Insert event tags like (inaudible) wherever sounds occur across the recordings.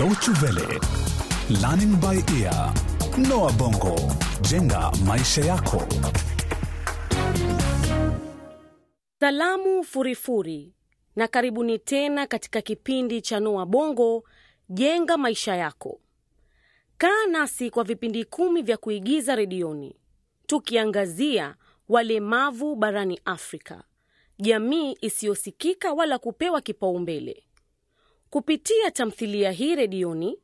Deutsche Welle, Learning by Ear, Noah Bongo, jenga maisha yako. Salamu furifuri na karibuni tena katika kipindi cha Noah Bongo, jenga maisha yako. Kaa nasi kwa vipindi kumi vya kuigiza redioni tukiangazia walemavu barani Afrika, jamii isiyosikika wala kupewa kipaumbele. Kupitia tamthilia hii redioni,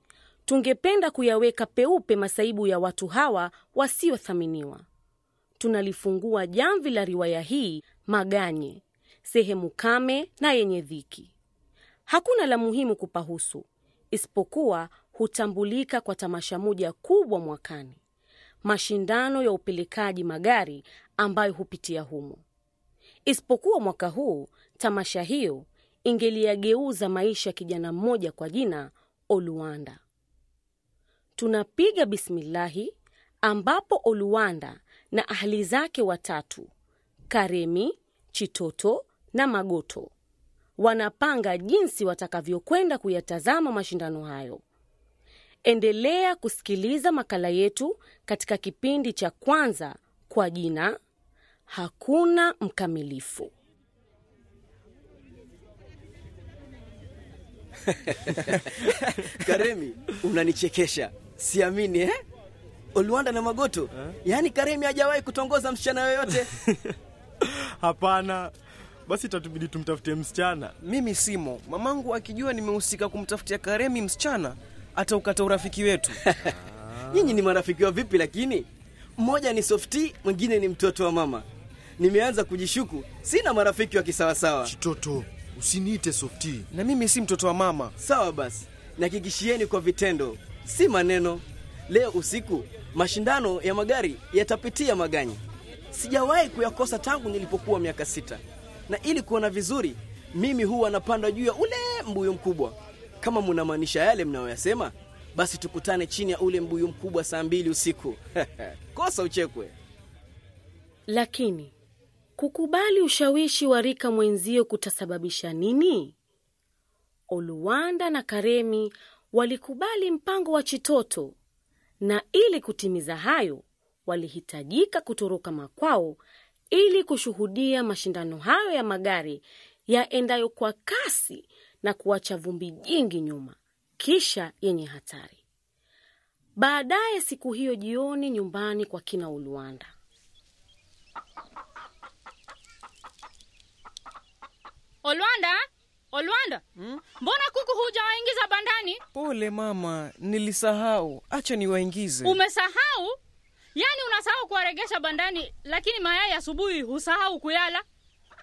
tungependa kuyaweka peupe masaibu ya watu hawa wasiothaminiwa. Tunalifungua jamvi la riwaya hii Maganye, sehemu kame na yenye dhiki. Hakuna la muhimu kupahusu isipokuwa hutambulika kwa tamasha moja kubwa mwakani, mashindano ya upelekaji magari ambayo hupitia humo. Isipokuwa mwaka huu tamasha hiyo ingeliyageuza maisha ya kijana mmoja kwa jina Oluwanda. Tunapiga bismilahi, ambapo Oluwanda na ahali zake watatu Karemi, Chitoto na Magoto wanapanga jinsi watakavyokwenda kuyatazama mashindano hayo. Endelea kusikiliza makala yetu katika kipindi cha kwanza kwa jina Hakuna Mkamilifu. (laughs) Karemi, unanichekesha, siamini eh? Oluanda na Magoto eh? Yaani Karemi hajawahi kutongoza msichana yoyote (laughs) hapana. Basi tatubidi tumtafutie msichana. Mimi simo, mamangu akijua nimehusika kumtafutia Karemi msichana ataukata urafiki wetu. Ah. Nyinyi ni marafiki wa vipi? Lakini mmoja ni softi, mwingine ni mtoto wa mama. Nimeanza kujishuku, sina marafiki wa kisawasawa. Chitoto, Usiniite softi na mimi si mtoto wa mama. Sawa basi, nihakikishieni kwa vitendo, si maneno. Leo usiku mashindano ya magari yatapitia Maganyi. Sijawahi kuyakosa tangu nilipokuwa miaka sita, na ili kuona vizuri, mimi huwa napanda juu ya ule mbuyu mkubwa. Kama munamaanisha yale mnayoyasema, basi tukutane chini ya ule mbuyu mkubwa saa mbili usiku. (laughs) Kosa uchekwe, lakini Kukubali ushawishi wa rika mwenzio kutasababisha nini? Oluwanda na Karemi walikubali mpango wa Chitoto, na ili kutimiza hayo walihitajika kutoroka makwao ili kushuhudia mashindano hayo ya magari yaendayo kwa kasi na kuacha vumbi jingi nyuma, kisha yenye hatari. Baadaye siku hiyo jioni, nyumbani kwa kina Uluanda, Olwanda, Olwanda, hmm? Mbona kuku hujawaingiza bandani? Pole mama, nilisahau. Acha niwaingize. Umesahau? Yaani unasahau kuwaregesha bandani, lakini mayai asubuhi husahau kuyala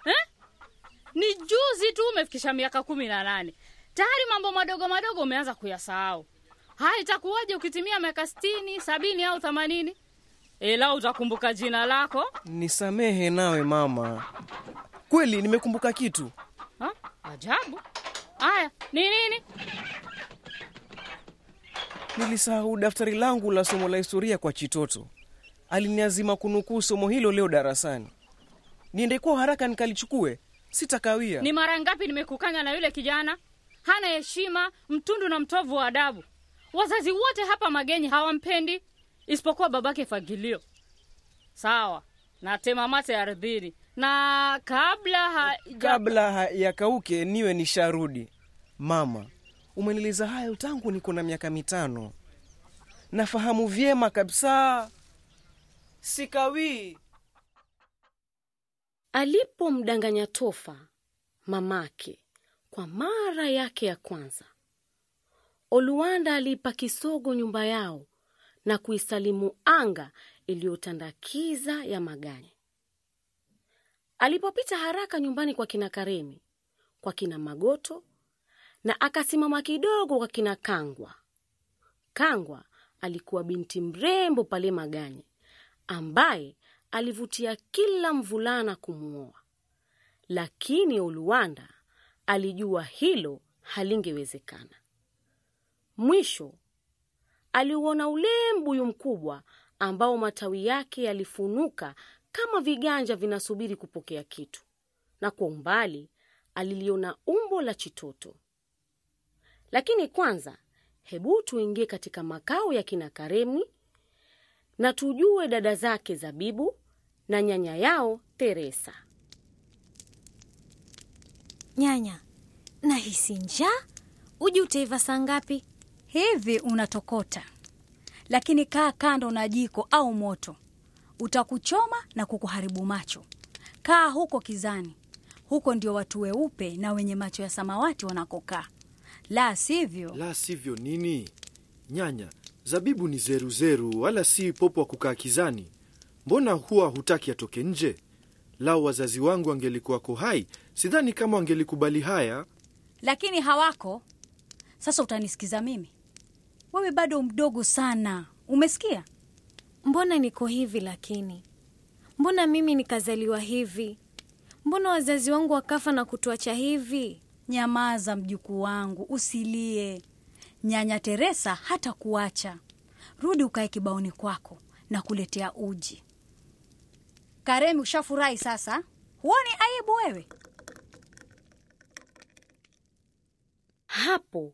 eh? Ni juzi tu umefikisha miaka kumi na nane tayari mambo madogo madogo umeanza kuyasahau. Haya, itakuwaje ukitimia miaka sitini, sabini au themanini? Ela, utakumbuka jina lako. Nisamehe nawe mama, kweli nimekumbuka kitu Ajabu. Aya, ni nini? Nilisahau daftari langu la somo la historia kwa Chitoto. Aliniazima kunukuu somo hilo leo darasani. Niende kwa haraka nikalichukue, sitakawia. Ni mara ngapi nimekukanya na yule kijana? Hana heshima, mtundu na mtovu wa adabu. Wazazi wote hapa Magenyi hawampendi isipokuwa babake Fagilio. Sawa, na temamate ardhini, na kabla ha... kabla ha... ya kauke niwe nisharudi. Mama, umeniliza hayo tangu niko na miaka mitano. Nafahamu vyema kabisa sikawii. Alipomdanganya Tofa mamake kwa mara yake ya kwanza, Oluwanda aliipa kisogo nyumba yao na kuisalimu anga iliyotandakiza ya magani. Alipopita haraka nyumbani kwa kina Karemi, kwa kina Magoto na akasimama kidogo kwa kina Kangwa. Kangwa alikuwa binti mrembo pale Maganye, ambaye alivutia kila mvulana kumwoa, lakini Uluwanda alijua hilo halingewezekana. Mwisho aliuona ule mbuyu mkubwa ambao matawi yake yalifunuka kama viganja vinasubiri kupokea kitu, na kwa umbali aliliona umbo la chitoto. Lakini kwanza, hebu tuingie katika makao ya kina Karemi na tujue dada zake Zabibu na nyanya yao Teresa. Nyanya, nahisi njaa. Uji utaiva saa ngapi? Hivi unatokota? lakini kaa kando na jiko au moto, utakuchoma na kukuharibu macho. Kaa huko kizani, huko ndio watu weupe na wenye macho ya samawati wanakokaa, la sivyo. La sivyo nini? Nyanya, zabibu ni zeruzeru, wala si popo wa kukaa kizani. Mbona huwa hutaki atoke nje? Lau wazazi wangu angelikuwako hai, sidhani kama wangelikubali haya, lakini hawako. Sasa utanisikiza mimi wewe bado mdogo sana, umesikia? Mbona niko hivi lakini? Mbona mimi nikazaliwa hivi? Mbona wazazi wangu wakafa na kutuacha hivi? Nyamaza mjukuu wangu, usilie. Nyanya Teresa hata kuacha. Rudi ukae kibaoni kwako na kuletea uji. Karemi, ushafurahi sasa? Huoni aibu wewe? Hapo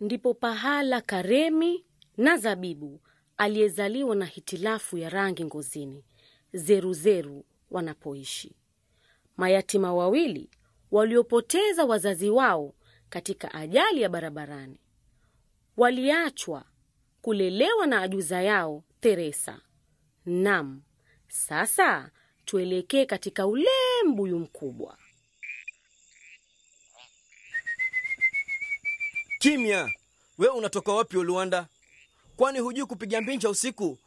ndipo pahala Karemi na Zabibu aliyezaliwa na hitilafu ya rangi ngozini zeruzeru wanapoishi. Mayatima wawili waliopoteza wazazi wao katika ajali ya barabarani waliachwa kulelewa na ajuza yao Teresa. Nam, sasa tuelekee katika ule mbuyu mkubwa. Kimya! We unatoka wapi Uluanda? Kwani hujui kupiga mbinja usiku?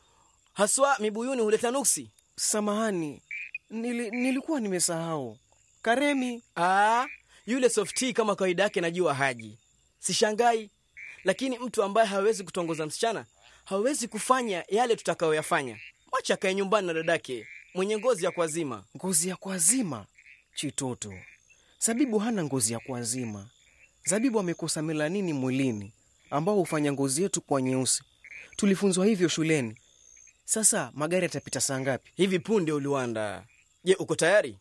Haswa mibuyuni huleta nuksi. Samahani, nili, nilikuwa nimesahau. Karemi. Aa, yule softi kama kawaida yake najua haji. Sishangai, lakini mtu ambaye hawezi kutongoza msichana hawezi kufanya yale tutakayoyafanya. Mwacha akae nyumbani na dadake mwenye ngozi ya kuazima. Ngozi ya kuazima? Chitoto, Sabibu hana ngozi ya kuazima. Zabibu amekosa melanini mwilini ambao hufanya ngozi yetu kwa nyeusi. Tulifunzwa hivyo shuleni. Sasa magari yatapita saa ngapi? Hivi punde uliwanda. Je, uko tayari?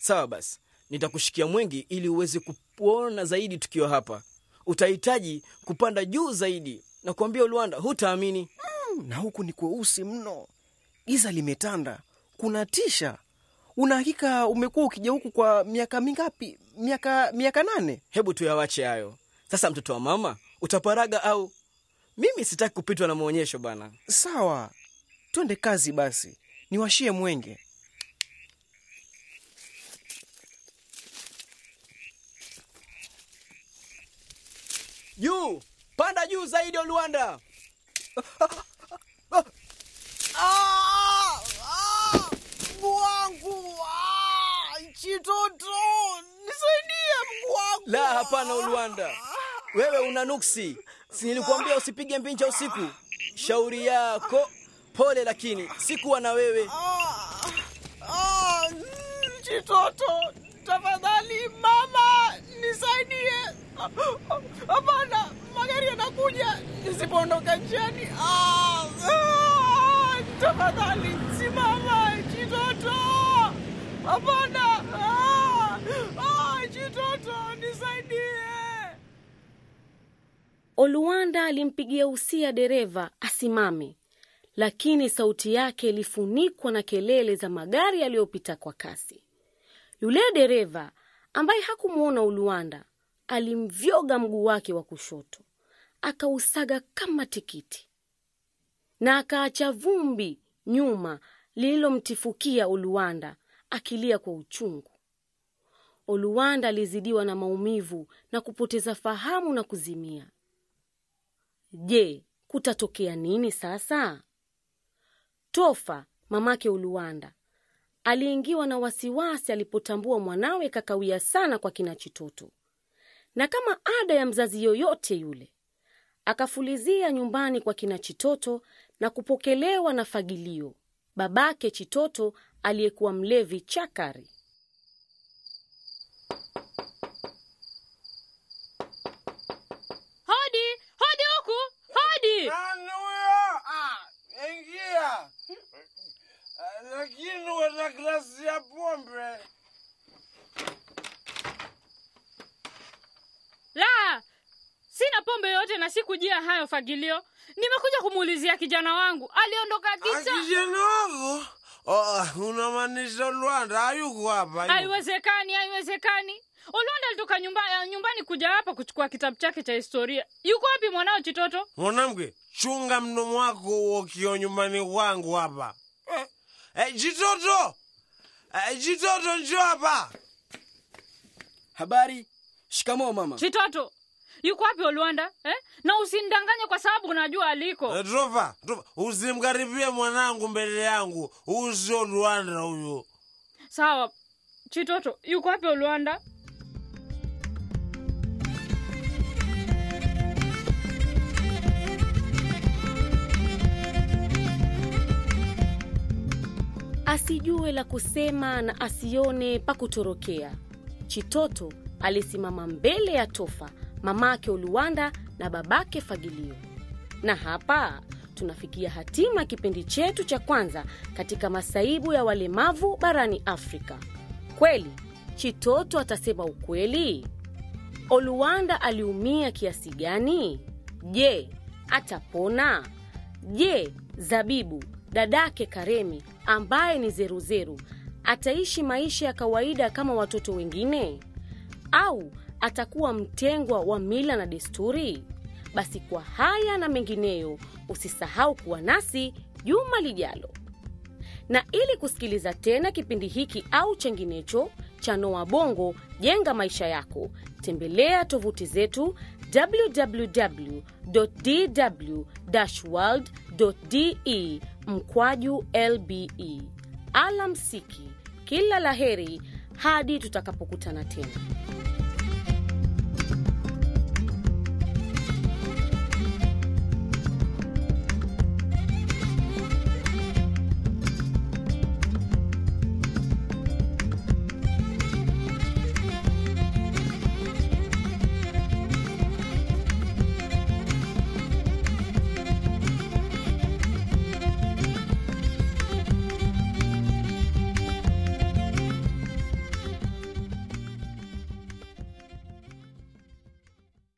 Sawa basi, nitakushikia mwengi ili uweze kuona zaidi. Tukiwa hapa utahitaji kupanda juu zaidi, na kuambia Ulwanda hutaamini. Mm, na huku ni kweusi mno, giza limetanda, kunatisha unahakika umekuwa ukija huku kwa miaka mingapi miaka miaka nane hebu tuyawache hayo sasa mtoto wa mama utaparaga au mimi sitaki kupitwa na maonyesho bana sawa twende kazi basi niwashie mwenge juu panda juu zaidi oluanda (laughs) ah, wangu ah, chitoto, nisaidie mgu wangu. La, hapana Ulwanda, wewe una nuksi. nilikuambia usipige mbinja usiku? Shauri yako. Pole, lakini sikuwa na wewe. Ah, ah, chitoto, tafadhali mama, nisaidie. Hapana, magari yanakuja, nisipoondoka njiani. Tafadhali simama. Hapana, ah! Ah, nisaidie. Oluwanda alimpigia usia dereva asimame, lakini sauti yake ilifunikwa na kelele za magari yaliyopita kwa kasi. Yule dereva ambaye hakumwona Oluwanda alimvyoga mguu wake wa kushoto akausaga kama tikiti na akaacha vumbi nyuma lililomtifukia Oluwanda akilia kwa uchungu. Oluwanda alizidiwa na maumivu na kupoteza fahamu na kuzimia. Je, kutatokea nini sasa? Tofa, mamake Oluwanda, aliingiwa na wasiwasi alipotambua mwanawe kakawia sana kwa kinachitoto, na kama ada ya mzazi yoyote yule, akafulizia nyumbani kwa kinachitoto na kupokelewa na Fagilio babake Chitoto aliyekuwa mlevi chakari. Hodi, hodi huku, hodi. Ah, ingia. Lakini wana glasi ya pombe. La, sina pombe yoyote na sikujia hayo fagilio. Nimekuja kumuulizia kijana wangu, aliondoka kisa. Kijana wangu? Oh, unamaanisha Lwanda hayuko hapa? Haiwezekani, haiwezekani. Olwanda alitoka nyumba, eh, nyumbani kuja hapa kuchukua kitabu chake cha historia. Yuko wapi mwanao Chitoto? Mwanamke, chunga mdomo wako ukio nyumbani wangu hapa. Eh, eh, Chitoto! Eh, Chitoto njoo hapa. Habari? Shikamoo mama. Chitoto, Yuko wapi Olwanda eh? Na usimdanganye kwa sababu unajua aliko. Eh, Drova, Drova, usimkaribie mwanangu mbele yangu. Uzi Olwanda huyo. Sawa. Chitoto, yuko wapi Olwanda? Asijue la kusema na asione pa kutorokea. Chitoto alisimama mbele ya Tofa, mamake Oluwanda na babake Fagilio. Na hapa tunafikia hatima kipindi chetu cha kwanza katika masaibu ya walemavu barani Afrika. Kweli Chitoto atasema ukweli? Oluwanda aliumia kiasi gani? Je, atapona? Je, Zabibu dadake Karemi ambaye ni zeruzeru ataishi maisha ya kawaida kama watoto wengine? au atakuwa mtengwa wa mila na desturi? Basi kwa haya na mengineyo, usisahau kuwa nasi juma lijalo. Na ili kusikiliza tena kipindi hiki au chenginecho cha Noa Bongo jenga maisha yako, tembelea tovuti zetu wwwdw e, mkwaju lbe. Alamsiki, kila laheri hadi tutakapokutana tena.